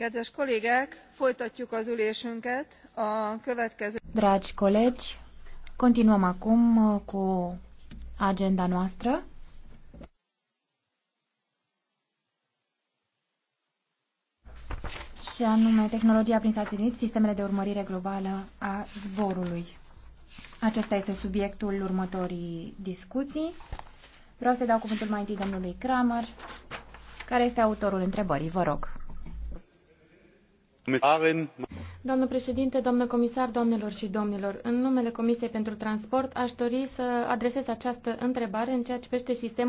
Kedves kollégák, folytatjuk az ülésünket. A következő... Dragi colegi, continuăm acum uh, cu agenda noastră. și anume tehnologia prin satelit, sistemele de urmărire globală a zborului. Acesta este subiectul următorii discuții. Vreau să dau cuvântul mai întâi domnului Kramer, care este autorul întrebării. Vă rog. Doamnă președinte, doamnă comisar, doamnelor și domnilor, în numele Comisiei pentru Transport aș dori să adresez această întrebare în ceea ce privește sistemul